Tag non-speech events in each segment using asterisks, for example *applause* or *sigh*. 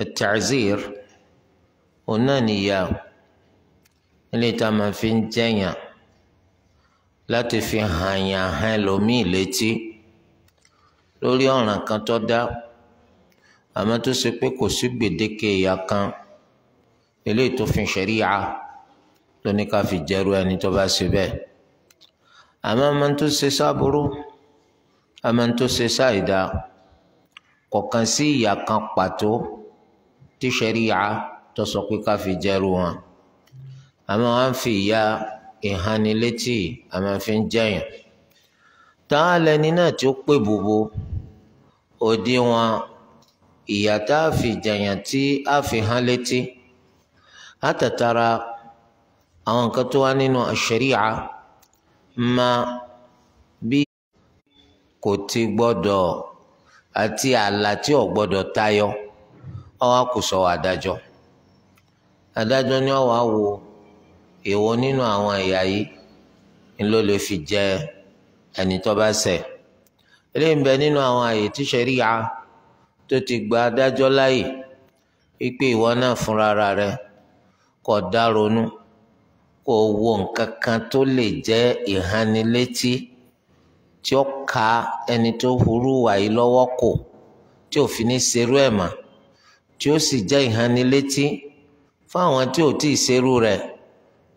التعزير tazir òun náà nìyà ilé tá a máa fi ń jẹyàn láti fi hàyàn hàn ẹlòmíì létí lórí ọ̀ràn kan tó dá àmọ́ tó ṣe pé kò sí gbèdéke ìyà kan eléyìí tó fi ṣẹ̀ríà lóní ká fi jẹ́rú ẹni tó bá ṣe bẹ́ẹ̀ àmọ́ àmọ́ tó ṣe sáburú àmọ́ tó ṣe sáìdá kọ̀ọ̀kan sí ìyà kan pàtó tí ṣẹ̀ríyà tó sọ pé ká fi jẹ́rú wọn àmọ́ wọn á fi ìyà ìhánilétí àmọ́ fi ń jẹ̀yàn táwọn lẹni náà tí ó pè bòbò òdiwọ̀n ìyà tá a fi jẹ̀yàn tí a fi hán létí látàtàrà àwọn nǹkan tó wá nínú ṣẹ̀ríyà máa bí kò ti gbọ́dọ̀ àti ààlà tí ò gbọ́dọ̀ tayọ ọwọ́ àkùsọ adájọ́ adájọ́ ni ọwọ́ àwo èwo nínú àwọn ẹ̀yà yìí ni ló lè fi jẹ ẹni tó bá ṣẹ̀ eléyìí ń bẹ nínú àwọn àyè tí ṣẹ̀ríà tó ti gba adájọ́ láàyè wípé ìwọ náà fúnra rẹ̀ kó dá ronú kó wo nǹkan kan tó lè jẹ́ ìhánilétí tí ó ka ẹni tó hurú wàyí lọ́wọ́ kò tí òfin ní serú ẹ̀ mọ́ tí ó sì jẹ́ ìhánilétí fún àwọn tí ò tí ì ṣerú rẹ̀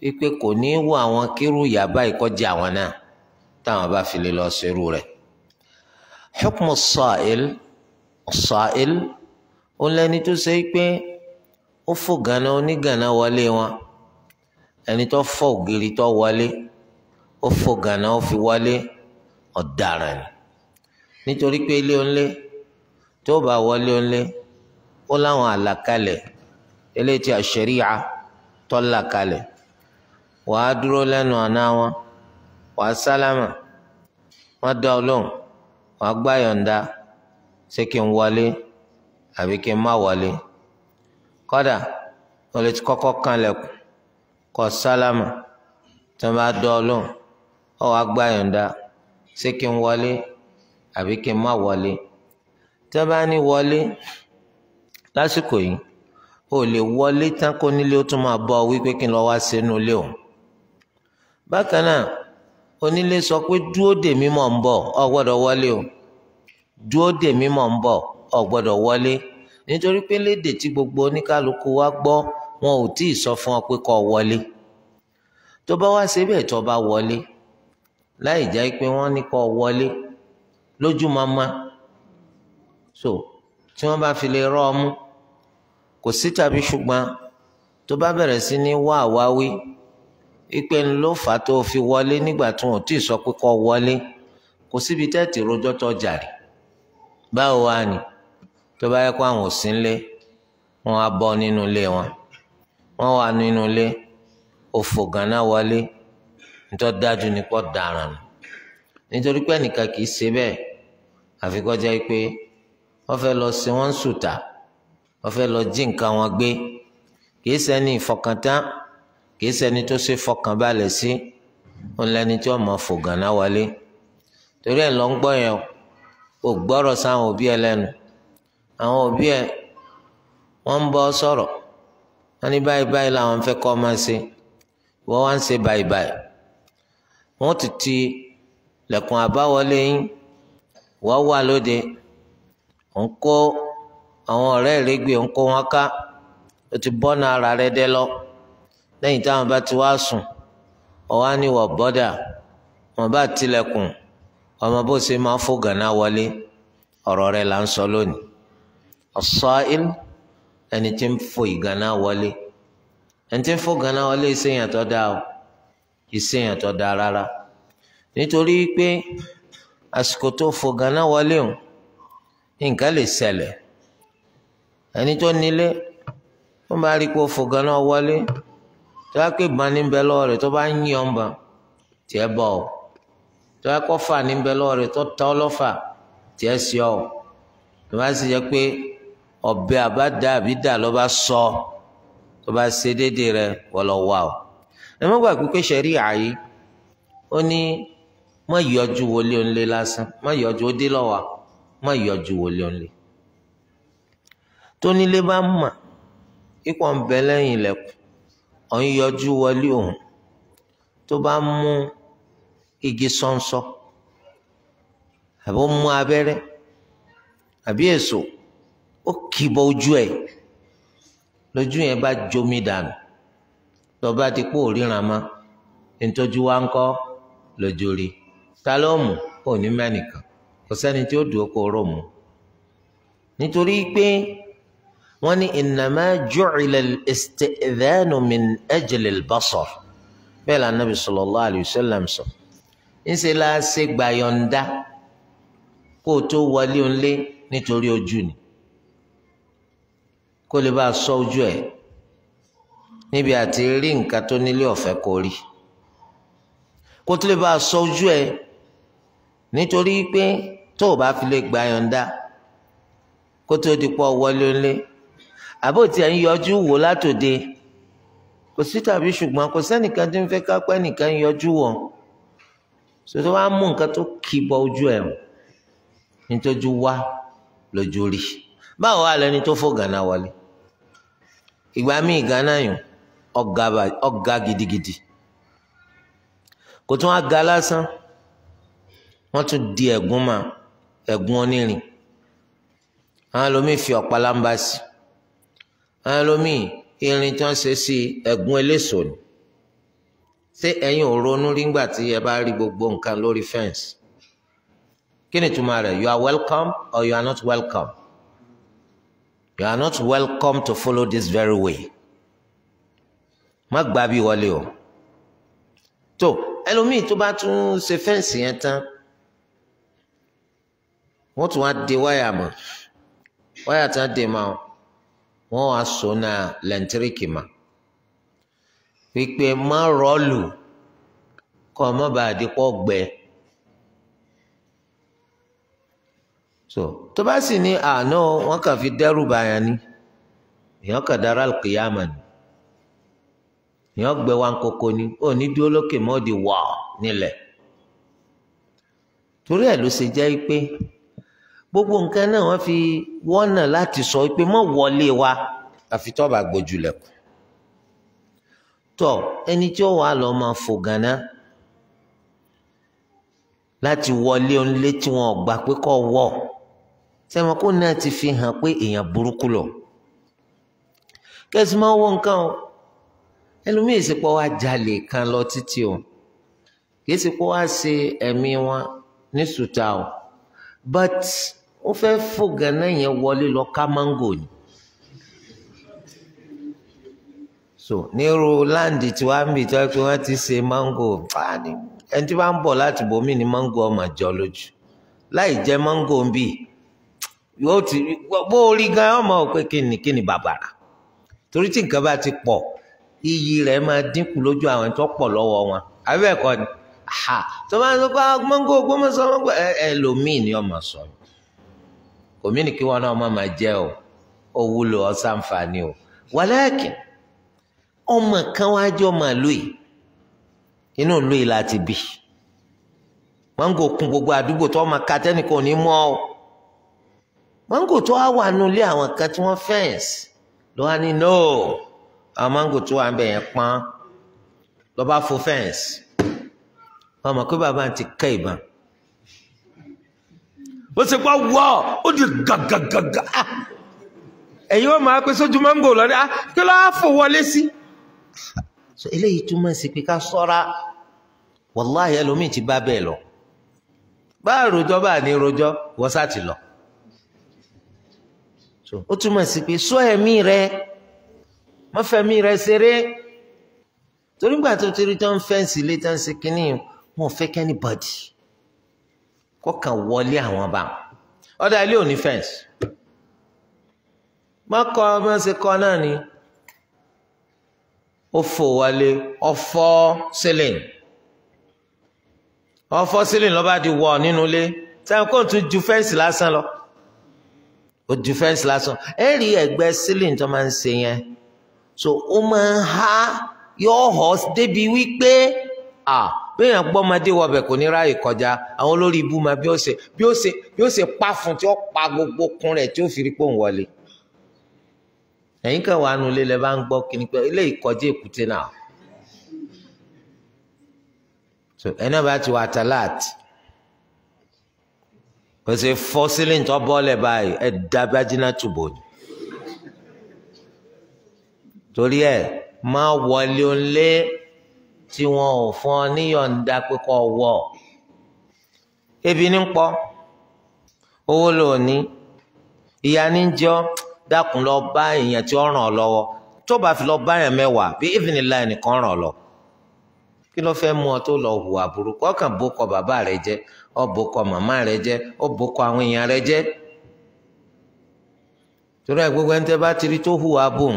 wípé kò ní í wọ àwọn kírú yàbá ìkọjá àwọn náà táwọn bá fi lè lọ ṣerú rẹ̀. hukmu sa'il sa'il ó lẹ́ni tó ṣe pé ó fò gánà onígànà wọlé wọn ẹni tó fọ ògiri tó wọlé ó fò gánà ó fi wọlé ọ̀daràn nítorí pé ilé onílé tó bá wọlé onílé ó láwọn àlàkalẹ̀ eléyìí tí àṣẹríà tó là kalẹ̀ wàá dúró lẹ́nu àná wọn wàá sálámà wọ́n dá ọ lóhùn wàá gbá yọ̀ǹda ṣé kí n wọlé àbí kí n má wọlé kódà o lè ti kọ́kọ́ kanlẹ̀kùn kó sálámà tí wọ́n bá dá ọ lóhùn wàá gbá yọ̀ǹda ṣé kí n wọlé àbí kí n má wọlé tí wọ́n bá ní wọlé lásìkò yìí o lè wọlé tán kó nílé ó tún máa bọ ọ wípé kí n lọ wá sínú ilé o bákan náà onílé sọ pé dúró dè mí mò ń bọ̀ ọ gbọ́dọ̀ wọlé o dúró dè mí mò ń bọ̀ ọ gbọ́dọ̀ wọlé nítorí pé lédè tí gbogbo oníkálukú wa gbọ́ wọn ò tí ì sọ fún ọ pé kó wọlé tó bá wá síbẹ̀ tó bá wọlé láì jẹ́ pé wọ́n ní kó wọlé lójú mama so tí wọ́n bá fi lè rọ́ ọ mú kò sí tàbí ṣùgbọ́n tó bá bẹ̀rẹ̀ sí ní wá àwáwí ìpè ń ló fà tó fi wọlé nígbà tí wọn ò tí ì sọ pé kó wọlé kò síbi tẹ́tì rojọ́ tó jàre báwo wá ni tó bá yẹ kó àwọn òsín wọn á bọ́ nínú ilé wọn wọn wà nínú ilé òfò gánà wọlé nítorí dájú ni pọ́ dáràn nù nítorí pé ẹnìkan kì í ṣe bẹ́ẹ̀ àfikọ́jẹ́ pé wọ́n fẹ́ lọ sí wọ́n ń sùtà wọ́n fẹ́ lọ jí nǹkan wọn gbé kìí ṣẹni ìfọkàntán kìí ṣẹni tó ṣe fọkàn balẹ̀ sí òun lẹni tí wọ́n mọ̀ fògànà wọlé torí ẹ̀ lọ ń gbọ́ yẹn o gbọ́rọ̀ sáwọn òbí ẹ lẹ́nu àwọn òbí ẹ wọ́n ń bọ́ sọ̀rọ̀ wọ́n ní báyìí báyìí làwọn fẹ́ kọ́ máa ṣe wọ́n wá ń ṣe báyìí báyìí wọ́n ti ti lẹ̀kùn àbáwọlé yín wọ́n wà lóde òun kó. àwọn ọ̀rẹ́ ìrẹ́gbẹ́ ń kó wọn ká o ti ara rẹ dẹ́ lọ lẹ́yìn táwọn bá ti wá sùn ọ̀wá ni wọ̀ bọ́dà wọn bá tilẹ̀kùn ọmọ bó ṣe máa fò gànà wọlé ọ̀rọ̀ rẹ là ń sọ lónìí ẹni tí ń fò ìgànà wọlé ẹni tí ń fò gànà wọlé tó dáa tó dáa rárá nítorí pé ẹni tó nílé tó bá rí i pé o fò ganan wọlé tó bá pè bá níbẹ̀ lọ́wọ́ rẹ̀ tó bá ń yí ọ̀nbà tiẹ̀ bọ̀ ọ́ tó bá kọ́ fà níbẹ̀ lọ́wọ́ rẹ̀ tó tọ́ lọ́fà tiẹ̀ sí ọ́ tó bá sì jẹ́ pé ọ̀bẹ àbádá àbídà ló bá sọ tó bá ṣe déédéé rẹ̀ wọ́lọ́ ọ́ ẹ má gbàgbé pé ṣẹ̀rí àyè ó ní má yọjú wọlé òǹlé lásán má yọjú ó dé lọ́wọ́ má yọjú wọlé òǹlé tónílé bá mà kíkọ́ ń bẹ lẹ́yìn ilẹ̀kùn ọ̀ ń yọjú wọlé òun tó bá mú igi sọ́nsọ́ àbí ó mú abẹ́rẹ́ àbí èso ó kìbọ ojú ẹ̀ lójú yẹn bá jomi dànù lọ́ba ti kó òríran ma ntọ́jú wa ń kọ́ lójú ta ló mú kó ní mẹ́nìkan kò sẹ́ni tí ó dùn kó rò mú nítorí pé wọ́n ní innama ju'ila al-istidhanu min ajli al-basar bẹ́ẹ̀ la nabi sallallahu alayhi wa sallam sọ ńṣe la ṣe gbàyọ̀ǹda kó o tó wọlé ònlé nítorí ojú ni kó lè bá a ṣọ́ ojú ẹ̀ níbi àti rí nǹkan tó nílé ọ̀fẹ́ kó rí kó tó lè bá a ṣọ́ ojú ẹ̀ nítorí pé tó o bá fi lè gbàyọ̀ǹda kó tó di pọ̀ wọlé ònlé àbò tí ẹ̀ ń yọjú wò látòde kò sí tàbí ṣùgbọ́n kò sẹ́nìkan tí ń fẹ́ kápẹ́ nìkan ń yọjú wọ̀ sọtọ́ wa mú nǹkan tó kì bọ ojú ẹ̀ nítọ́jú wá lójú rí báwo wà lẹ́ni tó fò gánà wọlé ìgbà míì gánà yùn ọ̀gá gidigidi kò tún aga lásán wọ́n tún di ẹ̀gún mà ẹ̀gún onírin àwọn lomi fi ọ̀pá lámbá sí i ẹlòmíì irin tí wọ́n ṣe sí ẹ̀gún eléso ni ṣé ẹ̀yin ò ronú nígbà tí ẹ bá rí gbogbo nǹkan lórí fẹ́ǹsì kí ni ìtumọ̀ rẹ̀ you are welcome or you are not welcome you are not welcome to follow this very way má gbà bí wọlé o tó ẹlòmíì tó bá tún ṣe fẹ́ǹsì yẹn tán wọ́n tún wá de wáyà mọ́ wáyà tán de máa. wọn wá so na lẹ́ńtíríkì ma wípé má rọ́ọ̀lù kọ ọmọ bá àdìpọ̀ gbẹ. so tó bá sì ní àná wọn fi dẹ́rù báyà ni èèyàn kàn dára kìyàmà ni èèyàn gbẹ wá kókó ni ó ní dúró lókè mọ́ di wà nílẹ̀ torí ẹ̀ ló ṣe jẹ́ gbogbo nǹkan náà wọ́n fi wọ́nà láti sọ pé mọ́ wọlé wa àfi tó bá gbójú lẹ̀kùn tọ ẹni tí ó wà lọ máa fò gànà láti wọlé onílé tí wọn ò gbà pé kọ́ wọ̀ sẹ́wọ̀n kó náà ti fi hàn pé èèyàn burúkú lọ kẹ́sì máa wọ nǹkan o ẹlòmíì sì pọ̀ wá jalè kan lọ títí o kìí sì pọ̀ wá ṣe ẹ̀mí wọn ní sùtà o but ó fẹ́ fò gánà yẹn wọlé lọ ká mángò ni so nírú landi tí wàá mì tó pé wọ́n ti ṣe mángò fani ẹni tí wọ́n ń bọ̀ láti bomi ni mango ọmọ jọ lójú láì jẹ́ mángò ń bì yóò ti bó orí gan ọmọ ò pé kíni kíni bàbàrà torí tí nǹkan bá ti pọ̀ iyì rẹ̀ máa dínkù lójú àwọn tó pọ̀ lọ́wọ́ wọn àbẹ́ẹ̀kọ́ ni tó bá ń sọ pé ah, mángò Ògbómọ̀ṣọ́ mángò ẹ ẹ lòmíì ni ọmọ sọ yìí omi ni kí wọn náà má máa jẹ o ó wúlò ó ṣàǹfààní o wàláàkìn ọmọ kan wá jọ máa lóye inú lóye láti bì mango kun gbogbo àdúgbò tó ọmọ ká ò ní mọ o mango tó wá wà nulẹ àwọn kan tí wọn fẹǹsì ló wá ní no àwọn mango tó wà ń bẹ yẹn pọn lọ fo fẹǹsì wọn mọ pé bàbá ti kẹ ìbọn bó ṣe pọ́ wọ́ ó di gàgàgàgà ah. ẹ̀yin wọ́n máa pé sójú máńgò lọ́dẹ ah, kí ló á fò wọlé sí. eléyìí túmọ̀ sí pé ká sọ́ra wàláhì ẹlòmíì ti bá bẹ́ẹ̀ lọ bá rojọ́ bá ní rojọ́ wọ́n sá ti lọ. ó túmọ̀ sí pé sọ ẹ̀mí rẹ mọ́fẹ̀mí rẹ ṣeré torí gbà tó ti rí tán fẹ́ǹsì lé tán ṣe kínní wọn ò fẹ́ kẹ́ni bọ́dì kọ́kàn wọlé àwọn bá ọ̀dà ilé òní fẹ́ǹsì mọ́kọ́ bí wọ́n ṣe kọ́ náà ni ó fò wọlé ọ̀fọ́ sílìn ọ̀fọ́ sílìn lọ́ba di wọ̀ nínú ilé táwọn kò tún ju fẹ́ǹsì lásán lọ ó ju fẹ́ǹsì lásán ẹ rí ẹ̀gbẹ́ sílìn tó máa ń ṣe yẹn so ó máa ń há yóò họ́ débi wípé ah bẹ́ẹ̀ yàn gbọ́mọdé wọbẹ̀ kò ní ráàyè kọjá àwọn olórí ibú ma bí ó ṣe bí pa fún tí ó pa gbogbo kun rẹ̀ tí ó fi rí pò ń wọlé. ẹ̀yin kan wà nù lé bá ń gbọ́ kíni pé ilé ìkọjá èkúté náà. so ẹ̀nà bá ti wà tàláàtì kò sí fọ́ sílíǹtì ọbọ̀lẹ̀ báyìí ẹ̀ dábàjínà tùbọ̀ ni. torí ẹ̀ máa wọlé tí wọn ò fún ọ níyọ̀ǹda pé kó wọ̀ ebi ní pọ̀ owó lò ní ìyá ní jọ dákun lọ bá èèyàn tí ó ràn ọ lọ́wọ́ tó bá fi lọ bá èèyàn mẹ́wàá bí even ilá ẹnìkan ràn ọ lọ kí ló fẹ́ mú ọ tó lọ hùwà burúkú ọkàn bó kọ bàbá rẹ jẹ ọ bó kọ màmá rẹ jẹ ọ bó kọ àwọn èèyàn rẹ jẹ torí ẹ gbogbo ẹni tẹ bá ti rí tó hùwà bò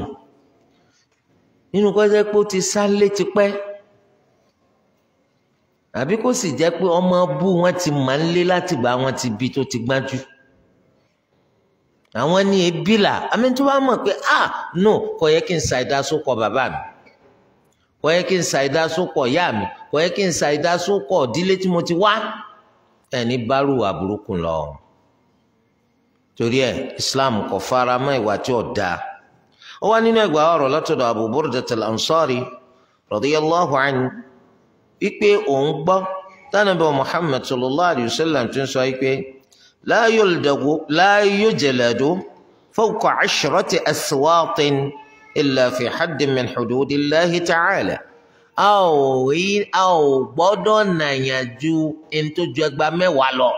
nínú kọjá pé ó ti sá létí pẹ́ àbí kó sì jẹ́ pé ọmọ bú wọn ti máa ń lé látìgbà wọn ti bí tó ti gbájú àwọn ní ebi là àmì tó bá mọ̀ pé ah no kò yẹ kí n sa ìdásókọ̀ bàbá mi kò yẹ kí n sa ìdásókọ̀ ìyá mi kò yẹ kí n sa ìdásókọ̀ ìdílé tí mo ti wá ẹni bárù àbúrúkú lọ torí ẹ Islam kò fara mọ́ ìwà tí ò dáa ó wá nínú ẹgbàá ọ̀rọ̀ látọ̀dọ̀ Abu Burda al-Ansari radiyallahu wípé òun gbọ́ tánàbẹ̀ Muhammad sallallahu alayhi wa sallam ti ń sọ wípé la yujladu fawqa ashrati aswatin illa fi haddin min hududillahi ta'ala a ò gbọ́dọ̀ nàyàn ju ẹni tó ju ẹgbàá mẹ́wàá lọ.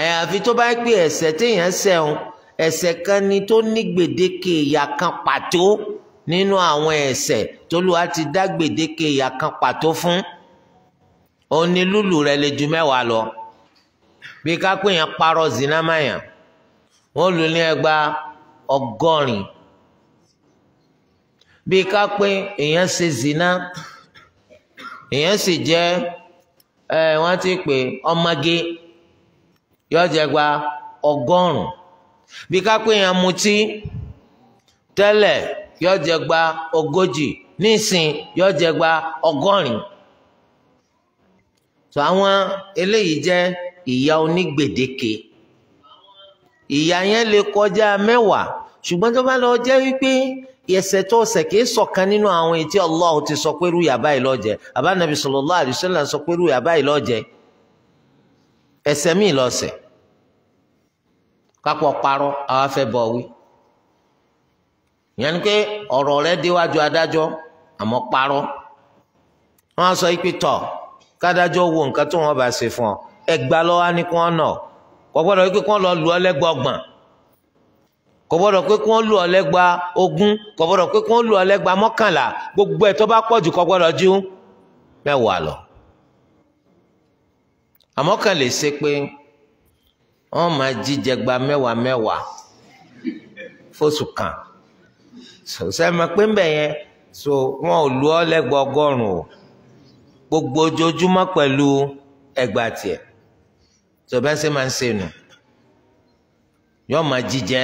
àyàfi tó bá pè ẹ̀ṣẹ̀ téèyàn ṣẹ̀ ń kan ni tó ní gbèdéke ìyà kan pàtó nínú àwọn ẹ̀ṣẹ̀ t'Olúwa ti dá gbèdéke ìyà kan pàtó fún òun ni lúlù rẹ̀ lè ju mẹ́wàá lọ bí kápẹ́ yẹn parọ́ zinamaya wọ́n lù ní ẹgba ọgọ́rin bí kápẹ́ èèyàn ṣe zina èèyàn sì jẹ́ ẹ wọ́n ti pè ọmọge yóò jẹ́ gba ọgọ́rùn bí kápẹ́ yẹn mutí tẹ́lẹ̀ yóò jẹ gba ogójì nísìn yóò jẹ gba ọgọ́rin tó àwọn eléyìí jẹ ìyà onígbèdéke ìyà yẹn lè kọjá mẹ́wàá ṣùgbọ́n tó bá lọ jẹ́ wípé ẹ̀ṣẹ̀ tó ṣẹ̀ kìí ṣọ̀kan nínú àwọn etí Allah ti sọ pé rú yàbá yìí lọ́jẹ̀ abánabi sallallahu wasallam sọ pé rú yàbá yìí lọ́jẹ̀ míì lọ́sẹ̀ kápọ̀ parọ́ àwa fẹ́ bọ̀ wí ìyẹn ni pé ọ̀rọ̀ rẹ déwájú adájọ́ àmọ́ parọ́ wọ́n á sọ ipe tọ̀ kádájọ́ wo nǹkan tó wọ́n bá ṣe fún ọ ẹgbàá lọ́wọ́ ni kí wọ́n nà kò gbọ́dọ̀ pé kí wọ́n lọ lù ọ lẹ́gbàá ọgbọ̀n kò gbọ́dọ̀ pé kí wọ́n lù ọ lẹ́gbàá ogún kò gbọ́dọ̀ pé kí wọ́n lù ọ lẹ́gbàá mọ́kànlá gbogbo ẹ̀ tó bá pọ̀ jù kò gbọ́dọ̀ ju mẹ́wàá lọ. àmọ́ kàn lè ṣe pé wọ́n máa jíjẹ gba mẹ́wàá mẹ́wàá fóṣù kan sẹ́mi pé ń bẹ̀ yẹn so wọn ò lu ọ́ lẹ́gbẹ̀ẹ́ ọgọ́rùn-ún o gbogbo ojoojúmọ́ pẹ̀lú ẹgbà tiẹ̀ tó bẹ́ẹ̀ ṣe máa ń ṣe nù yọ máa jíjẹ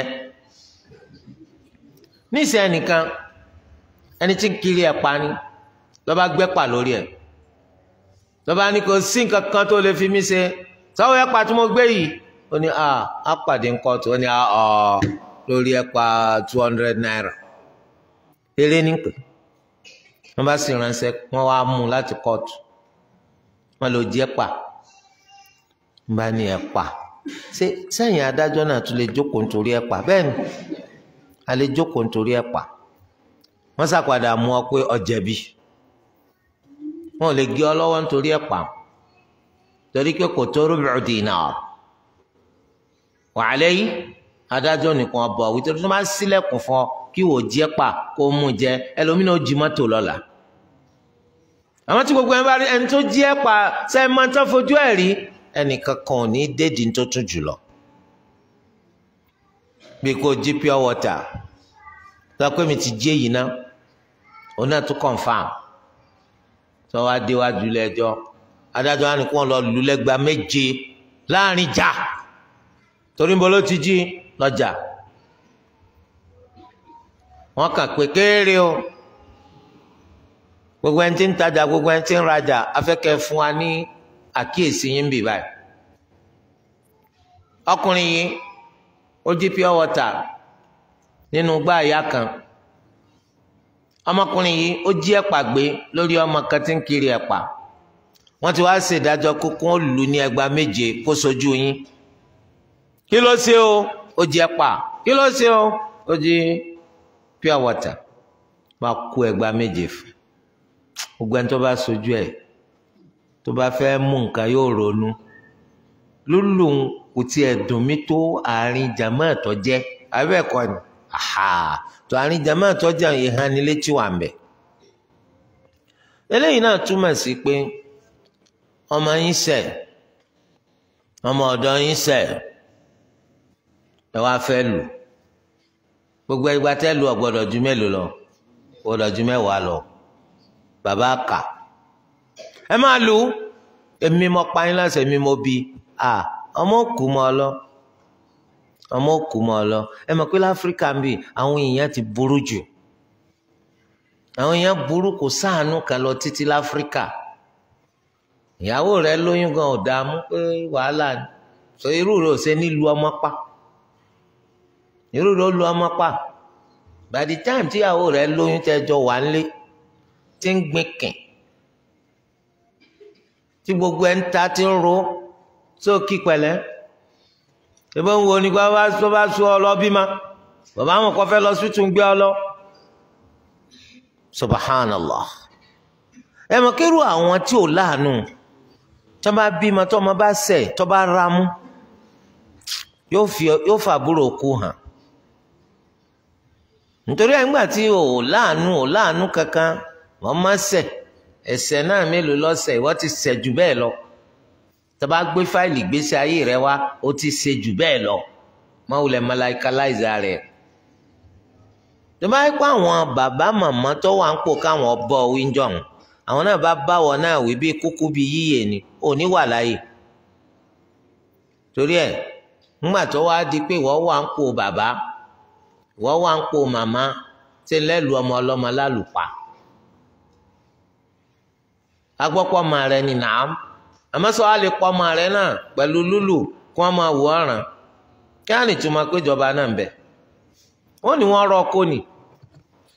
níṣẹ́ ẹnìkan ẹni tí ń kiri ẹ̀ pa ni lọ́ba gbẹ́pà lórí ẹ̀ lọ́ba ní kò sí nǹkan kan tó lè fi mí ṣe sáwọ́ ẹ̀pà tí mo gbé yìí ó ní ah, a ńkọ́ tó ó ní ọ̀ lórí ẹ̀pà two hundred naira eré nípè wọ́n bá sì ránṣẹ́ wọ́n wá mú un láti kóòtù wọ́n lọ jẹ́ pa wọ́n bá ní ẹ̀ pa ṣé sẹ́yìn adájọ́ náà tún lè jókòó nítorí ẹ̀ pa bẹ́ẹ̀ ni a lè jókòó nítorí ẹ̀ pa wọ́n ṣàpadà mú ọ pé o jẹ̀bi wọn ò lè gé ọ lọ́wọ́ nítorí ẹ̀ pa torí pé kò tó rúbìrì dìínà wàhálẹ́ yìí adájọ́ nìkan ọ̀bọ̀ wítorí tó máa ń sílẹ̀kùn fún ọ kí wò jẹ́ pa kó mú jẹ ẹlòmínà ó jí mọ́tò lọ́la àwọn tí gbogbo ẹni bá rí ẹni tó jí pa ṣe é máa tán fojú ẹ rí ẹnìkan kan ò ní dédìí tó tún jùlọ bí kò jí pure water tó pé mi ti jí èyí ná òun náà tún confam tó wá déwájú lẹ́jọ́ adájọ́ á ní kí wọ́n lọ lù lẹ́gba méje láàrin jà torí ń ló ti jí lọ́jà wọ́n kàn pé kéèrè o gbogbo ẹni tí ń tajà gbogbo ẹni tí ń rajà afẹ́kẹ́ fún wa ní àkíyèsí yín bì báyìí ọkùnrin yìí ó jí pure water nínú gbá àyà kan ọmọkùnrin yìí ó jí ẹ̀pà gbé lórí ọmọ kan tí ń kiri ẹ̀pà wọ́n ti wá ṣèdájọ́ kókó lù ní ẹgbàá méje kó sojú yín kí ló ṣe o ó jí ẹ̀pà kí ló ṣe o ó jí. pure water máa kó meje, méje fún gbogbo ẹ tó bá fẹ mú nǹkan yóò ronú lúlù kò dùn mí tó àárín jàmọ́ àtọ́jẹ́ abẹ́ẹ̀kọ́ ni tó àárín jàmọ́ àtọ́jẹ́ ìhánilétí wà eléyìí náà túmọ̀ sí pé ọmọ yín ṣẹ̀ ọmọ ọ̀dọ́ yín ẹ wá fẹ́ lù. gbogbo ìgbà tẹ́ lu ọ̀gbọ́dọ̀ ju mélòó lọ ọ̀gbọ́dọ̀ ju mẹ́wàá lọ bàbá kà ẹ máa lu èmi mo pa yín láṣẹ èmi mo bi à ọmọ òkú mọ lọ ọmọ òkú mọ lọ ẹ mọ̀ pé láfíríkà ń bì àwọn èèyàn ti burú jù àwọn èèyàn burú kò sáànù kan lọ títí láfíríkà ìyàwó rẹ lóyún gan ọ̀dààmú pé wàhálà ni sọ irú rẹ ò ṣe nílùú ọmọ pa. irú olu ó lu ọmọ pa by the time tíyàwó rẹ lóyún tẹjọ wà ń lé tí ń gbin kìn tí gbogbo enta ń ta tí ń ro sókì pẹ̀lẹ́ ìbí ń wo bá sọ ọ lọ bímọ bàbá àwọn kan lọ gbé ọ lọ subhanallah ẹ kí irú àwọn tí ò láàánú bá bímọ bá bá ramú nítorí àgbà tí o ò láàánú ò láàánú kankan wọ́n má ṣẹ̀ ẹ̀ṣẹ̀ náà mélòó lọ́sẹ̀ ìwọ ti ṣẹ̀ jù bẹ́ẹ̀ lọ tó bá gbé fáìlì ìgbésí ayé rẹ wá o ti ṣe jù bẹ́ẹ̀ lọ má wulẹ̀ malaikaláìza rẹ̀ tó bá pẹ́ àwọn bàbá màmá tó wà ń pò káwọn bọ́ wíńjọ̀hún àwọn náà bá báwọ náà wí bí kúkú bí yíyè ni ò ní wà láàyè torí ẹ̀ ńgbà tó wá di pé ìwọ wà ń pò bàbá. wọ́n wá ń po màmá ṣe lẹ́lu ọmọ ọlọ́mọ lálùpà agbọ́pọ̀ ọmọ rẹ̀ ni nàám àmọ́ sọ wá lè pọ̀ ọmọ rẹ̀ náà pẹ̀lú lúlù kí wọ́n máa wò ọ̀ràn kí á lè túmọ̀ pé ìjọba náà ń bẹ̀ wọ́n ní wọ́n ọkọ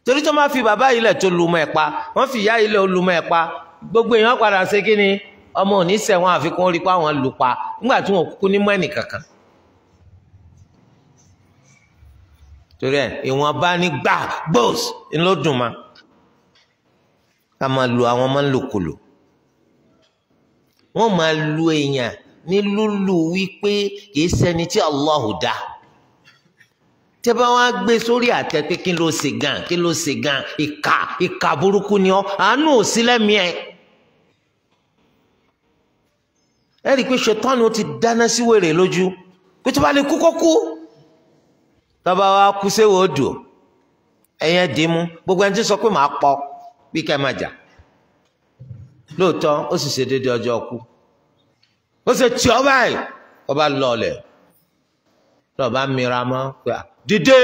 torí tó fi bàbá ilẹ̀ tó lu mọ́ ẹ̀ pa wọ́n fi ìyá ilẹ̀ ó lu gbogbo èèyàn padà ṣe kí ni ọmọ òní àfikún pa pa nígbà torí ẹ ìwọn bá ní gbà gbòòs ló dùn ma ká máa lu àwọn máa ń lòkulò wọn máa lu èèyàn ní lúlù wípé kìí ṣẹni tí Allahu dá tẹ bá wá gbé sórí àtẹ pé kí ló ṣe gan kí ló ṣe gan ìkà ìkà burúkú ni ọ àánú ò sí lẹ́mìí ẹ ẹ rí i pé ṣetán ti dáná sí wèrè lójú pé tó bá lè kú kó kú tọ́ba wa kú séwòó dùn ẹ̀yẹ dìímú gbogbo ẹni tí sọ pé màá pọ̀ bí kẹ́ máa jà lóòótọ́ ó sì ṣe déédéé ọjọ́ ọkú ó ṣe tì ọ́ báyìí ọba lọlẹ̀ lọ́ba mìíràn mọ́ pé dídé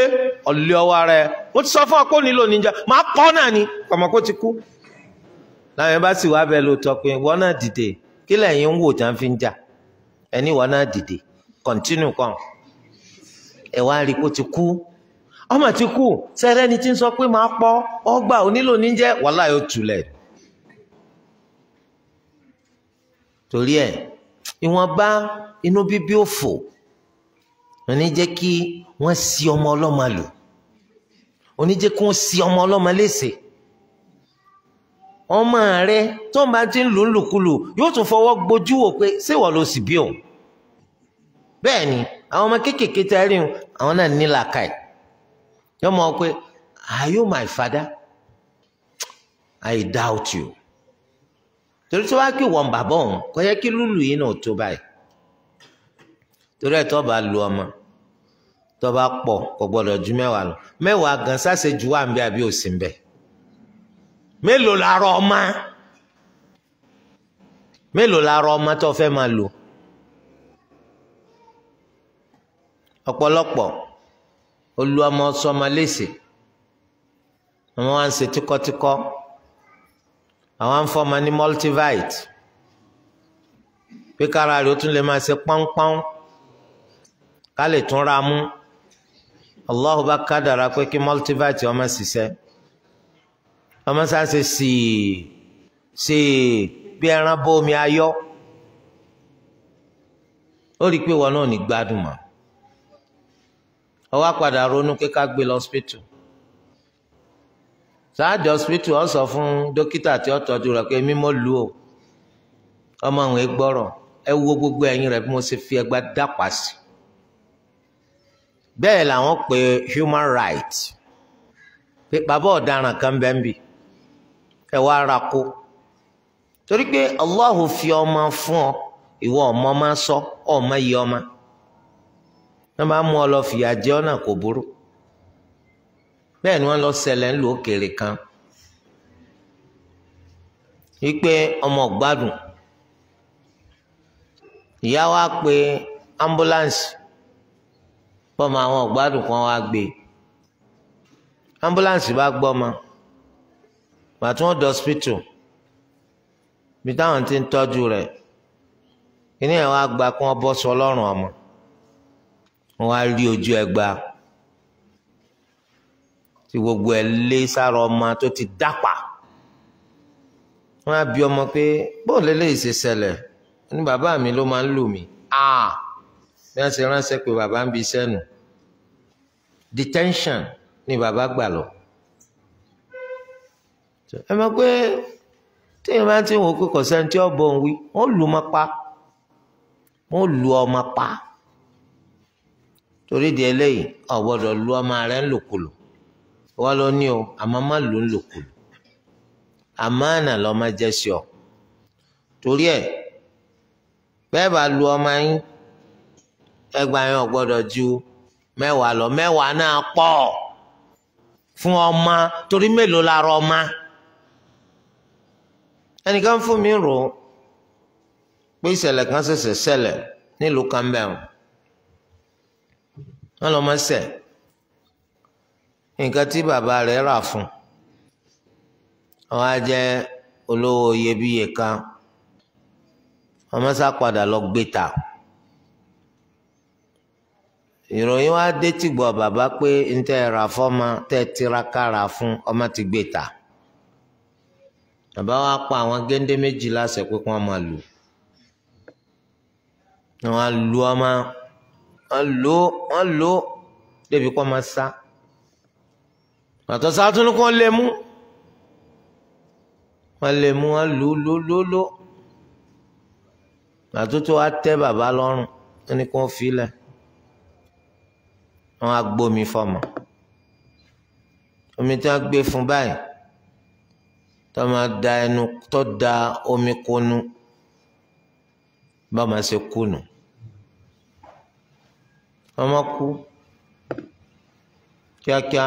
ọ̀lẹ́ ọwọ́ rẹ mo ti sọ fún ọ pé ó nílò níjà màá pọ̀ náà ni ọmọ kó ti kú láwọn bá sì wá bẹ lóòótọ́ pé wọ́n náà dìde kí lẹ́yìn ń wò tá a fi ń jà ẹni wọ́n náà dìde kọ̀ntínú kan. Continue, ẹ wá rí kó ti kú ọmọ ti kú sẹ́rẹ́ ni ti ń sọ pé máa pọ́ ọgbà onílò ní jẹ́ wàhálà yóò tulẹ̀ torí ẹ̀ ìwọ̀nba inú bíbí òfò òní jẹ́ kí wọ́n si ọmọ ọlọ́mọ lò òní jẹ́ kí wọ́n si ọmọ ọlọ́mọ léṣe ọmọ rẹ tó ń bá ti ń lù ń lùkulù yóò tún fọwọ́ gbójú wò pé ṣé wọ́n ló sì bí òun bẹ́ẹ̀ ni. àwọn ọmọ kéékèèké tẹ ẹ rí wọn àwọn náà ní làákàyè yọ mọ pé are you my father I doubt you torí tí wàá kí wọn bàbá òun kò yẹ kí lùlù yìí náà tó báyìí torí ẹ tó bá lu ọmọ tó bá pọ̀ kò gbọ́dọ̀ ju mẹ́wàá lọ mẹ́wàá gan sáṣe ju wà ń àbí òsì ń bẹ mélòó làárọ̀ ọmọ mélòó ọmọ tó máa lò. ọ̀pọ̀lọpọ̀ olú ọmọ sọmọ léṣe àwọn wa ń ṣe tíkọ́tíkọ́ àwọn ń fọmọ ní multivite pé kára rẹ̀ ó tún lè máa ṣe pọ́npọ́n ká lè tún ra mú Allahu bá kádàrá pé kí multivite ọmọ ṣiṣẹ́ ọmọ sáà ṣe sì ṣe bí ẹran bómi ayọ́ ó rí i pé wọn náà ní gbádùn mọ́. ọwọ́ padà ronú pé ká gbé lọ hospital sáájú hospital ọ fún dókítà tí ó tọ́jú rẹ̀ pé mímọ́ lu o ọmọ àwọn egbọ́rọ̀ ẹ wo gbogbo ẹ̀yìn rẹ̀ bí mo ṣe fi ẹgbà dápà sí pe human rights pé bàbá ọ̀daràn kan bẹ́ẹ̀ ń bì ẹ wá fi ọmọ fún ọ ìwọ sọ ọmọ yìí ọmọ. wọ́n máa mú ọ lọ fìyà jẹ ọ́ náà kò burú bẹ́ẹ̀ ni wọ́n lọ ṣẹlẹ̀ ńlò òkèèrè kan wípé ọmọ gbádùn ìyá wa pe ambulance bọ́mọ àwọn gbádùn kan wá gbé ambulance bá gbọ́mọ màtí wọ́n hospital bí táwọn ti ń tọ́jú rẹ̀ kíní ẹ̀ wá gba kí wọ́n bọ́ sọ ọlọ́run ọmọ wọ́n wá rí ojú ẹgba tí gbogbo ẹ̀ lé sára ọmọ tó ti dápà wọ́n á bi ọmọ pé bóun lélẹ́yìí ṣe ṣẹlẹ̀ ní bàbá mi ló máa ń lù mí bí wọ́n ṣe ránṣẹ́ pé bàbá ń bi iṣẹ́ nù detention ni bàbá gbà lọ ẹ mọ̀ pé téèyàn bá ti wò ó pé kọ̀sẹ́ntì ọ̀bọ̀n wí wọ́n lù ọmọ pa wọ́n lù ọmọ pa torí di eléyìí o gbọ́dọ̀ lu ọmọ rẹ ń lòkulò wọ́n lọ ní o àmọ́ má lù ń lòkulò àmánà lọ́mọ jẹ́ sí ọ torí ẹ̀ bẹ́ẹ̀ bá lu ọmọ yín ẹgbà yín o gbọ́dọ̀ ju mẹ́wàá lọ mẹ́wàá náà pọ̀ fún ọmọ torí mélòó la rọ ọmọ ẹnìkan fún mi rò pé ìṣẹ̀lẹ̀ kan ṣẹ̀ṣẹ̀ ṣẹlẹ̀ nílùú kan bẹ́ẹ̀ o wọn lọ mọ sẹ nǹkan tí bàbá rẹ̀ rà fún wọn á jẹ olówó iyebíye kan wọn mọ sá padà lọ gbé e ta ìròyìn wa dé tìgbọ bàbá pé n tẹ rà fọmọ tẹ tiraka rà fún ọmọ ti gbé e ta bàbá wa pa àwọn géńdé méjì láṣẹ pé kí wọn máa lù wọn lu ọmọ wọ́n lò ó wọ́n lò ó débi kọ́ máa sá àtọ̀ sátúnú kan lè mú wọ́n lè mú wọ́n lò ó lò ó lò ó lò ó àtúntò wa tẹ́ bàbá lọ́rùn wọ́n ní filẹ̀ wọ́n á gbómi fọmọ omi tí wọ́n gbé fún báyìí tó máa da ẹnu tó da omi kunu bá máa ṣe kùnù ọmọ kú kíákíá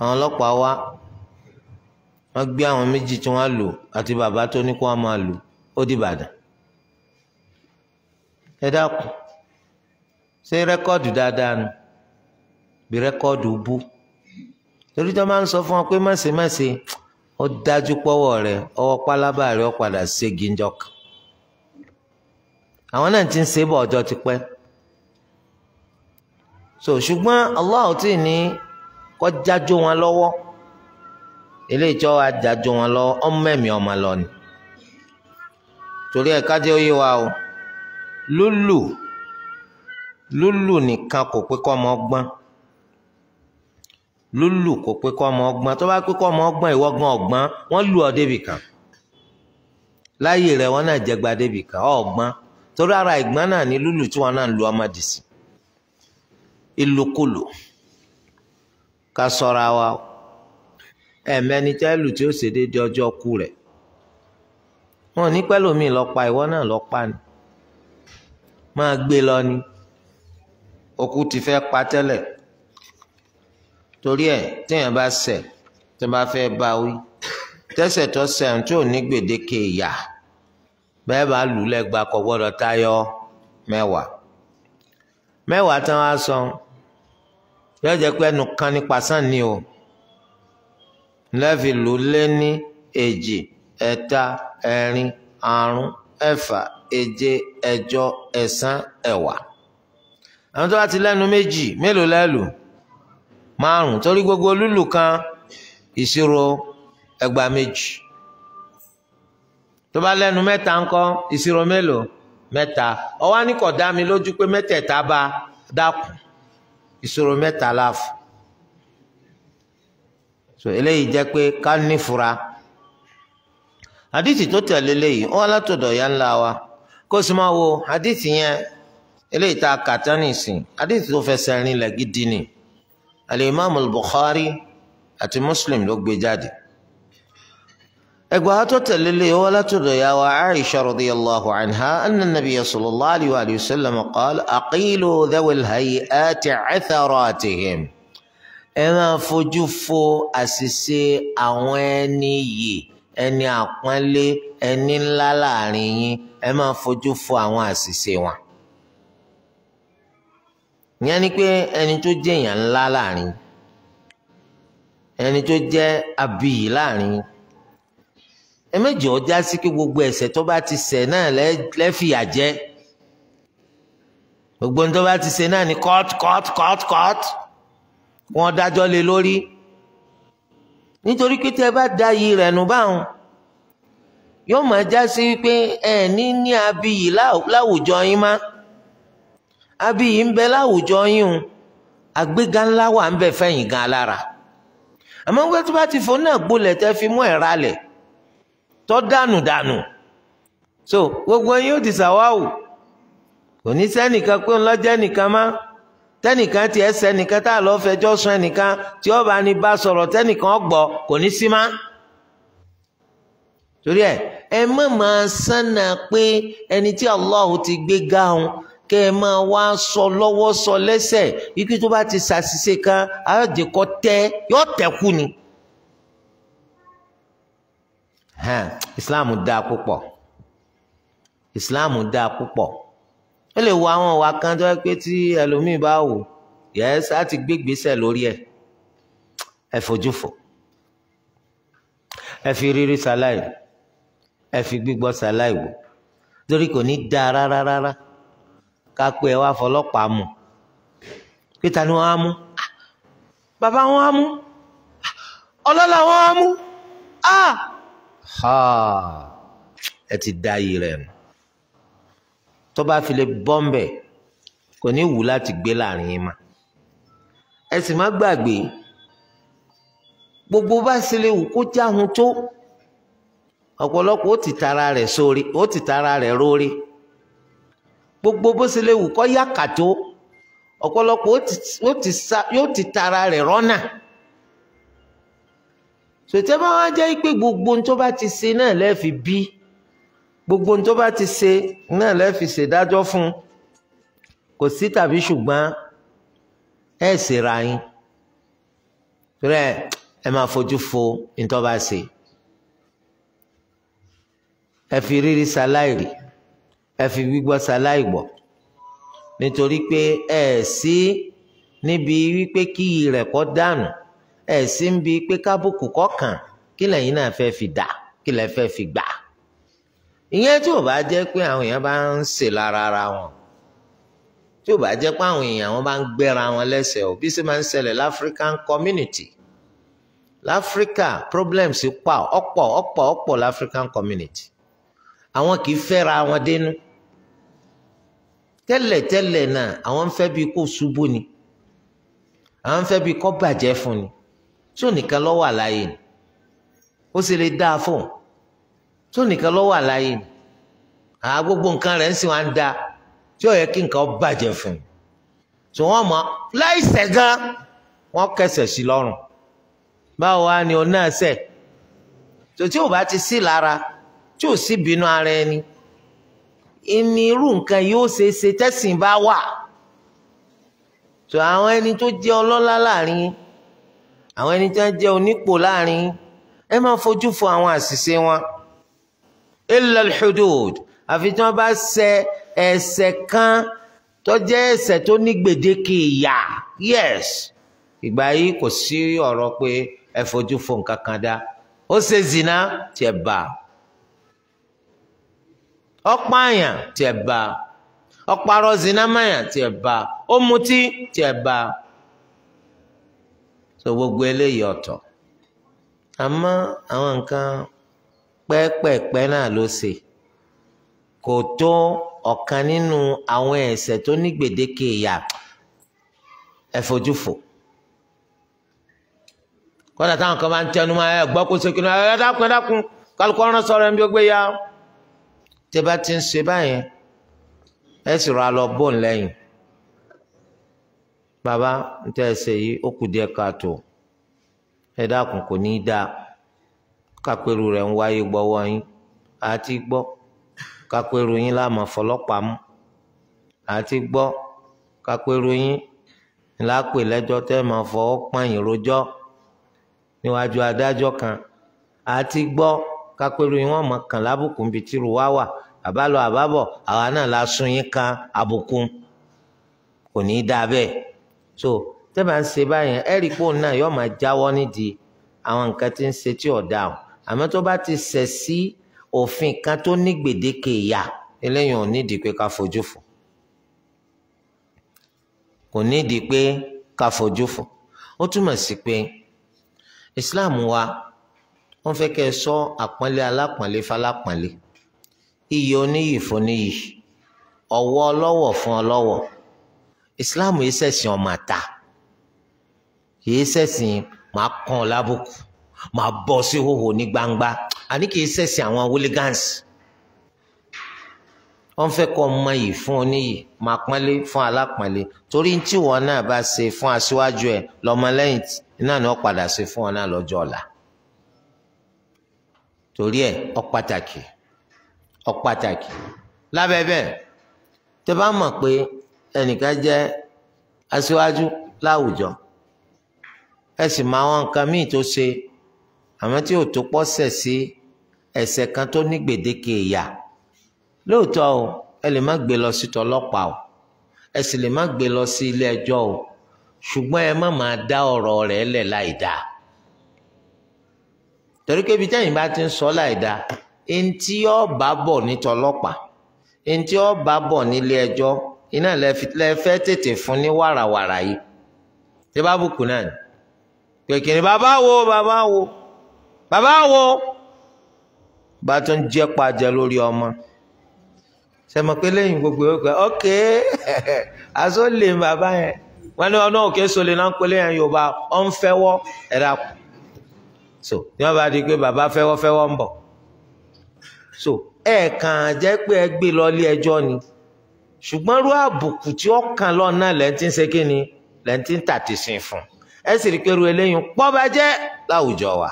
àwọn ọlọ́pàá wá wọ́n gbé àwọn méjì tí wọ́n lò àti bàbá tó ní kó wọ́n máa lò ó di Ìbàdàn ẹ dákun ṣé rẹ́kọ́ọ̀dù dáadáa nu bí rẹ́kọ́ọ̀dù bú torí tó máa ń sọ fún ọ pé mọ̀sẹ̀mọ̀sẹ̀ ó dájú pọ́wọ́ rẹ ọwọ́ pálábá rẹ padà ṣe gíjọ kan àwọn náà ti ń ṣe bọ̀ ọjọ́ ti pẹ́ so ṣùgbọ́n Allah tí ní kọ́ jájó wọn lọ́wọ́ eléyìí tí wọ́n á jájó wọn lọ́wọ́ ọmọ ẹ̀mí ọmọ lọ ni torí ẹ̀ ká jẹ́ ó yé wa o lúlù lúlù nìkan kò pé kọ́ ọmọ ọgbọ́n lúlù kò pé kọ́ ọmọ ọgbọ́n tó bá pé kọ́ ọmọ ọgbọ́n ìwọ gan ọgbọ́n wọ́n lù ọ́ débì kan láyé rẹ̀ wọ́n náà jẹgba débì kan ọgbọ́n torí ara ìgbọ́n náà ni lulu tí wọ́n náà lu ọmọdé sí i ìlòkulò ká ṣọ́ra wa ẹ̀mẹ́ni tẹ́lù tí ó ṣe déédéé ọjọ́ kú rẹ̀ wọn ò ní pẹ́ lómi lọ́pa ìwọ náà lọ́pa ni máa gbé lọ ni òkú ti fẹ́ pa tẹ́lẹ̀ torí ẹ̀ téèyàn bá ṣẹ̀ tó bá fẹ́ bá wí tẹ́sẹ̀ tó ṣẹ̀ ń tó ní gbèdéke ìyà bẹ́ẹ̀ bá lù lẹ́gba kò gbọ́dọ̀ tayọ mẹ́wàá mẹ́wàá tán á san yóò jẹ́ pé ẹnu kan ní pàṣán ni o lẹ́ẹ̀fì lù lé ní èjì ẹ̀ta ẹ̀rin àrún ẹ̀fà èje ẹ̀jọ ẹ̀sán ẹ̀wá àwọn tó bá ti lẹ́nu méjì mélòó lẹ́lù márùn torí gbogbo lúlù kan ìṣirò ẹgbàá méjì tó bá lẹ́nu mẹ́ta ńkọ́ ìṣirò mélòó mẹ́ta ọwọ́ á ní kọ̀ dá mi lójú pé mẹ́tẹ̀ẹ̀ta bá dákun ìṣòro mẹ́ta láàfù so eléyìí jẹ́ pé ká nífura hadithi tó tẹ̀lé léyìí ó wá látọ̀dọ̀ ya ńlá wa kó sì máa wo hadithi yẹn eléyìí tá a kà tán nìsín hadithi tó fẹsẹ̀ rinlẹ̀ gidi ni al-Imam àti Muslim ló gbé jáde ẹgbàá tó tẹ̀lé lé wọ́n látọ̀dọ̀ ya wa aisha radiyallahu anha anna nabiyya sallallahu alayhi wa alayhi wa sallam qaal aqilu dhawil hay'ati atharatihim ẹ máa fojú fo àṣìṣe àwọn ẹni yìí ẹni àpọ́nlé ẹni ńlá láàrin yín ẹ máa fojú fo àwọn àṣìṣe wọn. ìyẹn ni pé ẹni tó jẹ́ èèyàn ńlá láàrin ẹni tó jẹ́ abiyì láàrin yín ẹ méjì ọjà sí kí gbogbo ẹ̀ṣẹ̀ tó bá ti ṣẹ̀ náà lẹ́fìyà jẹ gbogbo ní tó bá ti ṣe náà ní court court court court wọ́n dájọ́ lé lórí nítorí pé tẹ́ bá da iyì rẹ̀ nù báwọn yóò máa já sí pé ẹ ní ní abiyì láwùjọ yín má abiyì ń bẹ láwùjọ yín o àgbéga ńlá wà ń bẹ fẹ̀yìn gan alára àmọ́ wípé ti fò náà gbolẹ̀ tẹ́ fi mú ẹ̀ ralẹ̀. E tó dànù dànù so gbogbo yín ó ti sàwáwù kò ní sẹ́nìkan pé ńlọ́jẹ́ nìkan má tẹ́nìkan tiẹ̀ sẹ́nìkan tá a lọ́ọ́ fẹjọ́ sùn ẹnìkan tí ó bá ní bá sọ̀rọ̀ tẹ́nìkan gbọ́ kò ní sí má torí ẹ ẹ má máa sánà pé ẹni tí Allah ti gbé gáhùn kẹ ẹ máa wá sọ lọ́wọ́ sọ lẹ́sẹ̀ ikú tó bá ti ṣàṣìṣe kan àyọ̀dẹ̀kọ tẹ yọ tẹ̀kù ni. hàn islam dáa púpọ̀ islam dáa púpọ̀ ó lè wo àwọn ìwà kan tó yẹ pé tí ẹlòmíì bá wò yẹs á ti gbé gbèsè lórí ẹ ẹ fojú fò ẹ fi rírí ṣaláì ẹ fi gbígbọ́ ṣaláì wò torí kò ní dáa rárá rárá ká pé ẹ wá fọlọ́pàá mú pété ni wọ́n á mú ah, bàbá wọn á mú ah, ọlọ́lá wọn á mú ah ha ẹ ti da yìí rẹ̀ nù tó bá fi lè bọ́m̀bẹ̀ kò ní wù láti gbé láàrin yín mọ́ ẹ sì má gbàgbé gbogbo bá ṣe lè wù kó jáhun tó ọ̀pọ̀lọpọ̀ ó ti tara rẹ̀ sórí ó ti tara rẹ̀ rórí gbogbo bó ṣe lè wù kó yá kàtó ọ̀pọ̀lọpọ̀ ó ti tara rẹ̀ rọ́nà sòtẹ́ bá wá jẹ́ pé gbogbo ohun tó bá ti ṣe náà lẹ́ẹ̀fi bí gbogbo ohun tó bá ti ṣe náà lẹ́ẹ̀fi ṣèdájọ́ fún kò sí tàbí ṣùgbọ́n ẹ̀ ṣèrà yín rẹ ẹ máa fojú fo ní tó bá ṣe ẹ fi rírí ṣaláìrí ẹ fi gbígbọ́ ṣaláìgbọ́ nítorí pé ẹ sí níbi wípé kíyì rẹ̀ kọ́ dànù ẹ̀ sí ń bi pé kábùkù kọ̀ọ̀kan kí lẹ́yìn náà fẹ́ fi dà kí lẹ́ fẹ́ fi gbà. ìyẹn tí ò bá jẹ́ pé àwọn èèyàn bá ń ṣe lára ara wọn tí ò bá jẹ́ pé àwọn èèyàn wọn bá ń gbéra wọn lẹ́sẹ̀ ò bí ṣe máa ń ṣẹlẹ̀ láfíríkàn community láfíríkà problems pa ọ̀pọ̀ ọ̀pọ̀ ọ̀pọ̀ láfíríkàn community àwọn kì í fẹ́ra wọn dénú tẹ́lẹ̀tẹ́lẹ̀ náà àwọn ń fẹ́ bí kó ṣubú ni àwọn ń fẹ́ bí kó bàjẹ́ fún ni tó nìkan ló wà láàyè ni ó sì lè dáa fún un tó nìkan ló wà láàyè ni àá gbogbo nǹkan rẹ̀ ń sì wá ń da tí ó yẹ kí nǹkan bàjẹ́ fún un tí wọ́n mọ̀ láìṣẹ̀ gan wọ́n kẹsẹ̀ sí lọ́rùn báwo wá ni òun náà ṣẹ̀ tó tí ò bá ti sí lára tí ò sí bínú ara ẹni ìní irú nǹkan yóò ṣe é ṣe tẹ́sìn bá wà tó àwọn ẹni tó jẹ́ ọlọ́lá láàrin yín àwọn ẹni tí wọ́n jẹ́ onípò láàrin ẹ máa fojú fo àwọn àṣìṣe wọn illa al-hudud àfi tí wọ́n bá ṣe ẹ̀ṣẹ̀ kan tó jẹ́ ẹ̀ṣẹ̀ tó ní gbèdéke ìyà yes ìgbà yìí kò sí ọ̀rọ̀ pé ẹ fojú fo nǹkan kan dá ó ṣe zina tiẹ̀ bá ọ̀pọ̀ àyàn tiẹ̀ bá ọ̀pọ̀ arọ zina máyàn tiẹ̀ bá ó mutí tiẹ̀ bá so gbogbo eléyìí ọ̀tọ̀ àmọ́ àwọn nǹkan pẹ́ẹ́pẹ́ẹ́pẹ́ náà ló ṣe kò tó ọ̀kan nínú àwọn ẹ̀ṣẹ̀ tó ní gbèdéke ìyà ẹ̀fọ́júfò kọ́dà táwọn kan bá ń tẹnu máa ẹ̀ gbọ́ kó ṣe kínú ẹ̀ dákun ẹ̀ dákun kálukú ọ̀ràn sọ̀rọ̀ ẹ̀ bí ó gbé ya tẹ́ bá ti ń ṣe báyẹn ẹ̀ sì rọ alọ́ bọ́ọ̀n lẹ́yìn. baba ntẹ́ ẹ ṣe yìí ó kù díẹ̀ káàtó ẹ dákun kò ní í dáa kápẹ́rù rẹ̀ ń wáyé gbọ́wọ́ yín àti gbọ kápẹ́rù yín láàmú fọlọ́pàá mú àti gbọ́ kápẹ́rù yín lápè lẹ́jọ́ tẹ́ máa fọwọ́ pààyàn rojọ́ níwájú adájọ́ kan àti gbọ́ kápẹ́rù yín wọ́n mọ̀ kàn lábùkù níbi tírú wá wà àbálọ àbábọ̀ àwa náà la sun yín kan àbùkù kò ní í dáa bẹ́ẹ̀. so tẹ́bà ń ṣe báyẹn ẹ̀rí pò náà yóò máa jáwọ́ nídìí àwọn nǹkan tí ń ṣe tí ò dáa o àmọ́ tó bá ti ṣẹ̀ sí òfin kan tó ní gbèdéke ìyà eléyìí ò nídìí pé ká fojú fò kò nídìí pé ká fojú fò ó túmọ̀ sí pé Islam wa wọ́n fẹ́ kẹ́ ẹ sọ àpọ́nlé alápọ́nlé falápọ́nlé iyì oníyì fún níyì ọ̀wọ̀ ọlọ́wọ̀ fún ọlọ́wọ̀ islam yìí ṣẹ̀sìn ọmọ àta yìí ṣẹ̀sìn máa kàn ọ́ lábùkù máa bọ́ sí hòhò ní gbangba àní kìí ṣẹ̀sìn àwọn hooligans wọ́n fẹ́ kọ́ ọmọ yìí fún oníyì máa pọ́nlé fún alápọ́nlé torí tí wọn náà bá ṣe fún aṣíwájú ẹ̀ lọ́mọlẹ́yìn náà ni wọ́n padà ṣe fún ọ náà lọ́jọ́ ọ̀la torí ẹ̀ ọ pàtàkì ọ pàtàkì lábẹ́ bẹ́ẹ̀ tẹ́ bá mọ̀ pé ẹnìkan jẹ́ aṣíwájú láwùjọ ẹ sì máa wọn nǹkan míì tó ṣe àmọ́ tí ò tó pọ́sẹ̀ sí ẹ̀ṣẹ̀ kan tó ní gbèdéke ìyà lóòótọ́ o ẹ lè má gbé lọ sí tọlọ́pàá o ẹ sì lè má gbé lọ sí ilé ẹjọ́ o ṣùgbọ́n ẹ má máa dá ọ̀rọ̀ rẹ̀ lẹ̀ láì torí pé ibi bá ti ń sọ láì ẹni tí ó bá ní tọlọ́pàá ẹni tí ó bá nílé ẹjọ́ iná lẹ́fẹ́ tètè fún ní wàràwàrà yìí ṣé bá bùkù náà ni pèkì ni bàbá wo bàbá wo bàbá wo bá tún jẹ́ pàjẹ́ lórí ọmọ sẹmọ pé lẹ́yìn gbogbo ọgbà ok aṣọ *laughs* lè bàbá yẹn wọn ní ọdún òkè sọlẹ náà pẹ̀lẹ́ yẹn yorùbá ọ ń fẹ́wọ́ ẹdá kù so ní wọn bá di pé bàbá fẹ́wọ́ fẹ́wọ́ ń bọ̀ so ẹ kàn jẹ́ pé ẹ gbé lọ ilé ẹjọ́ ni. So, ṣùgbọ́n irú àbùkù tí ó kàn lọ́nà lẹ́ntì ń ṣe kí ni lẹ́ntì ń tàtí sin fún ẹ sì rí i pé irú eléyìí pọ́ bá jẹ́ láwùjọ wa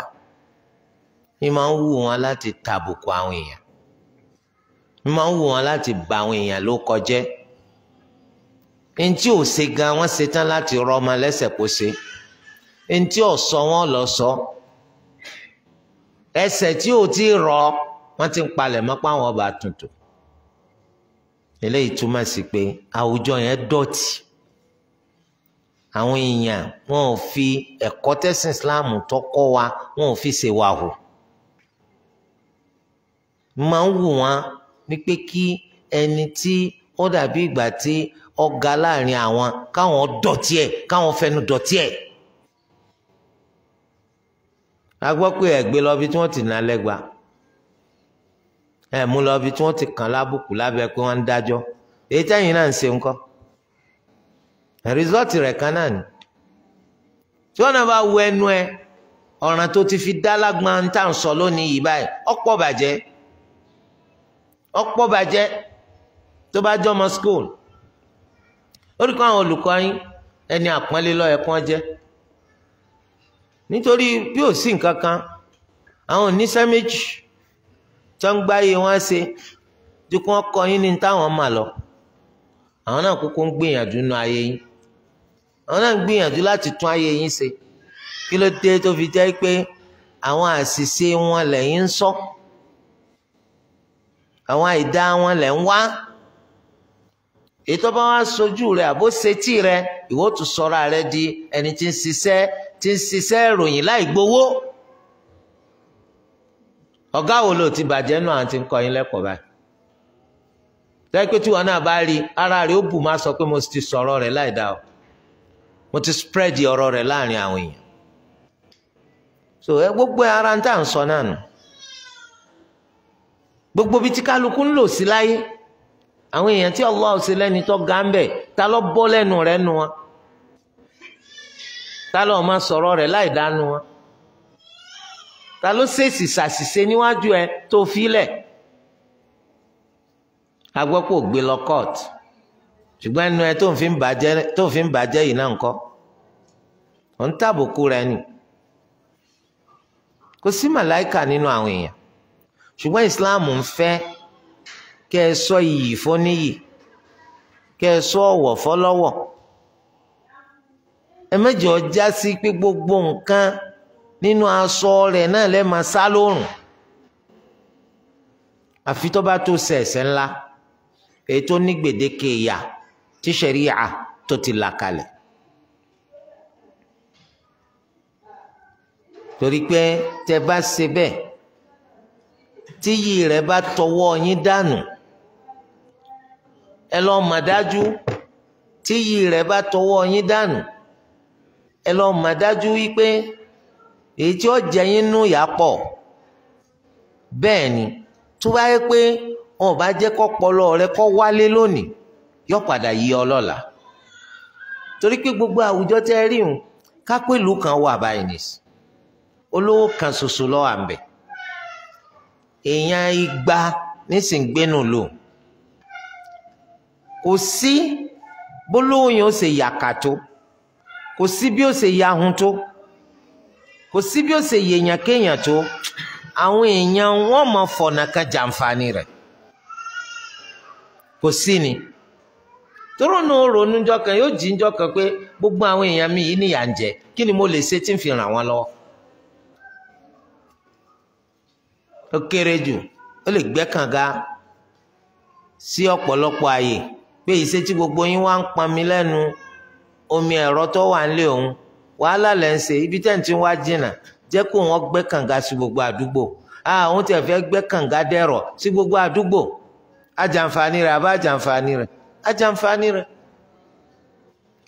ni máa ń wù wọn láti tàbùkù àwọn èèyàn ni máa ń wù wọn láti bà àwọn èèyàn ló kọjẹ́ ntí ò ṣe gan wọ́n ṣe tán láti rọ ọmọ lẹ́sẹ̀ kó ṣe ntí ò sọ wọ́n lọ sọ ẹsẹ̀ tí ò tí rọ wọ́n ti ń palẹ̀ mọ́ pé àwọn ọba tuntun eléyìí túmọ̀ sí pé àwùjọ yẹn dọ̀tí àwọn èèyàn wọn ò fi ẹ̀kọ́ tẹ́sìn Islam tó wa wọn ò fi ṣèwà hù máa ń wù wọ́n ní pé kí ẹni tí ó dàbí ìgbà tí ọ̀gá láàrin àwọn káwọn dọ̀tí ẹ̀ káwọn fẹnu dọ̀tí ẹ̀ a gbọ́ pé ẹ̀gbẹ́ lọ tí wọ́n ti nà lẹ́gbàá ẹ mú lọ bí tí wọ́n ti kàn lábùkù lábẹ́ pé wọ́n ń dájọ́ èyí tẹ́yìn náà ń ṣe ńkọ́ rìsọ́ọ̀tì rẹ̀ kan náà ni tí wọ́n náà bá wo ẹnu ẹ ọ̀ràn tó ti fi dá lágbọ́n ń tà ń sọ lónìí yìí báyìí ọ̀pọ̀ bàjẹ́ ọ̀pọ̀ bàjẹ́ tó bá jọmọ school orúkọ àwọn olùkọ́ yín ẹni àpọ́nlé lọ́ọ́ ẹ̀kọ́ jẹ́ nítorí bí ò sí nǹkan kan àwọn oníṣẹ́ méjì tó ń wọn ṣe tí wọ́n kọ́ yín ní táwọn mà lọ àwọn náà kúkú ń gbìyànjú nu ayé yín àwọn náà ń gbìyànjú láti tún ayé yín ṣe kí ló dé tó fi jẹ́ pé àwọn àṣìṣe wọn lẹ́yìn ń sọ àwọn àìdá wọn lẹ́ ń wá ètò bá wá sojú rẹ àbó ṣetí rẹ ìwọ tún sọra rẹ di ẹni tí ń ṣiṣẹ́ tí ń ṣiṣẹ́ ìròyìn láì gbowó. ọ̀gá wo ti bàjẹ́ àti ń kọ́ yín tí wọn náà bá rí ara rẹ̀ ó bù má sọ pé mo ti sọ̀rọ̀ rẹ̀ láì ti spread ọ̀rọ̀ rẹ láàrin àwọn èèyàn so ẹ gbogbo ara ń tà sọ náà nù gbogbo bíi tí kálukú ń lò sí láyé àwọn èèyàn tí Allah lẹ́ni tó ga ń bẹ̀ ta ló ta ló ṣèṣì ṣàṣìṣe níwájú ẹ tó filẹ̀ agbọ́pọ̀ gbé lọ court ṣùgbọ́n ẹnu ẹ tó fi ń bàjẹ́ tó fi ń bàjẹ́ yìí náà ń kọ́ ò ń tàbùkù rẹ nì kò sí màláìkà nínú àwọn èèyàn ṣùgbọ́n Islam ń fẹ́ kẹ́ ẹ sọ iyì fóníyì kẹ́ ẹ sọ ọ̀wọ̀ fọlọ́wọ̀ ẹ mẹ́jọ já sí pé gbogbo nǹkan nínú aṣọ rẹ̀ náà lẹ́ẹ̀ máa sá lóòrùn àfi tó bá tó ṣe ẹ̀ṣẹ̀ ńlá èyí tó ní gbèdéke ìyà tí ṣẹ̀ríà tó ti là kalẹ̀. torí pé tẹ bá ṣe bẹ́ẹ̀ tíyì rẹ̀ bá tọwọ́ yín dànù ẹ lọ mà dájú tíyì rẹ̀ bá tọwọ́ yín dànù ẹ lọ mà dájú wípé èyí tí ó jẹ yín nú ìyà pọ̀ bẹ́ẹ̀ ni tó bá yẹ pé wọn ò bá jẹ́ kọ́pọlọ rẹ kó wálé lónìí yọ padà yí ọ lọ́la torí pé gbogbo àwùjọ tẹ́ rí òun kápẹ́lú kan wà báyìí nìsí olówó kan ṣoṣo lọ́wọ́ àmbẹ̀ èèyàn igba nísìngbénu lò kò sí bólóyìn ó ṣe yàkà kò sí bí ó ṣe yahun tó. kò sí bí ó ṣe yèèyàn kéèyàn tó àwọn èèyàn wọn máa fọ̀nà kan jàǹfààní rẹ̀ kò sí ni tóró nu ronú njọ́ kan yóò jí njọ́ kan pé gbogbo àwọn èèyàn mi yìí nìyà ń jẹ kí ni mo lè ṣe tí n fi ràn wọ́n lọ́wọ́ ó kéré jù ó lè gbẹ́ kànga sí ọ̀pọ̀lọpọ̀ ààyè pé ìṣe tí gbogbo yín wá ń pọn lẹ́nu omi ẹ̀rọ tó wà nílé òun wàhálà lẹ ń ṣe ibi tẹ́ ń ti wá jìnnà jẹ́ kó wọ́n gbẹ́ kànga sí gbogbo àdúgbò àwọn tẹ̀ fẹ́ gbẹ́ kànga dẹ̀rọ̀ sí gbogbo àdúgbò ajànfààní rẹ̀ àbá ajànfààní rẹ̀ ajànfààní rẹ̀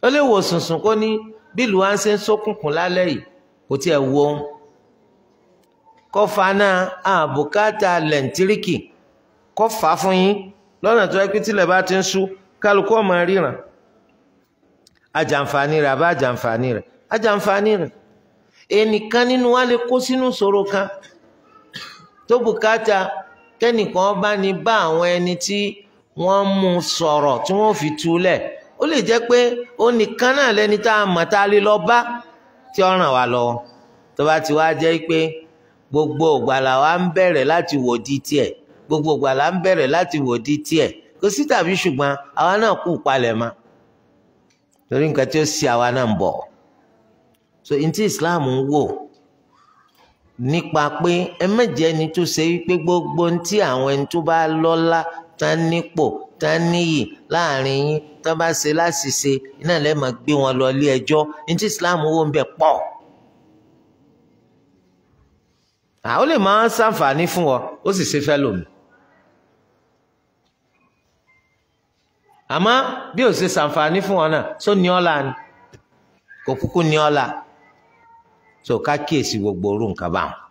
ó lè wò sùnsùn kó ní bílù wa ń ṣe ń ṣókùnkùn lálẹ́ yìí kò tiẹ̀ wo ohun kọfà náà àbùkátà lẹ́ǹtíríkì kọfà fún yín lọ́nà tó yẹ pé bá ti ń sú kálukú ọmọ ríran ajànfààní rẹ̀ àbá ajànfààní rẹ̀ ajàǹfààní rẹ ẹnìkan nínú wa lè kó sínú ìṣòro kan tó bùkátà kẹ́nìkan bá ní bá àwọn ẹni tí wọ́n mú sọ̀rọ̀ tí wọ́n fi túlẹ̀ ó lè jẹ́ pé ó nìkan náà lẹni tá a tá a lè lọ bá tí ó ràn wá lọ́wọ́ gbogbo ògbàlà wa ń láti di gbogbo ògbàlà ń láti wò di kò sí tàbí àwa náà torí nǹkan tí ó ṣe so ntí islam ń wò nípa pé ẹ mẹjẹ ni tó ṣe wípé gbogbo ntí àwọn ẹni tó bá lọ́lá tá nípò tá níyì láàrin yín tá bá ṣe láṣìṣe iná lẹ́ẹ̀ máa gbé wọn lọ ilé ẹjọ́ ntí islam wò ń bẹ̀ pọ̀. àwọn lè máa ń ṣàǹfààní fún ọ ó sì ṣe fẹ́ lòmí. àmọ́ bí ò ṣe ṣàǹfààní fún ọ náà só kò kúkú ní so ká kíyèsí gbogbo orú nǹkan